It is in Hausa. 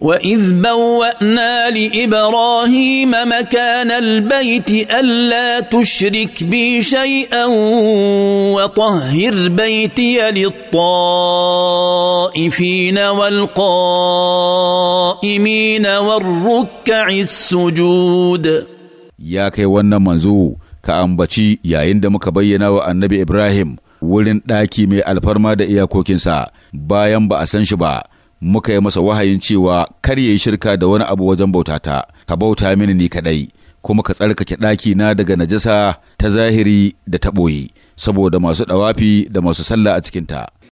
واذ بوانا لابراهيم مكان البيت الا تشرك بي شيئا وطهر بيتي للطائفين والقائمين والركع السجود يا كي ونا منزو كامبتشي يا اند مكبينا وان ابراهيم ولن داكي مي الفرما دا اياكو كنسا بايم باسنش با, muka yi masa wahayin cewa kar ya yi shirka da wani abu wajen bauta ta, ka bauta mini ni kaɗai kuma ka tsarkake na daga najasa ta zahiri da ta ɓoye saboda masu ɗawafi da masu sallah a cikinta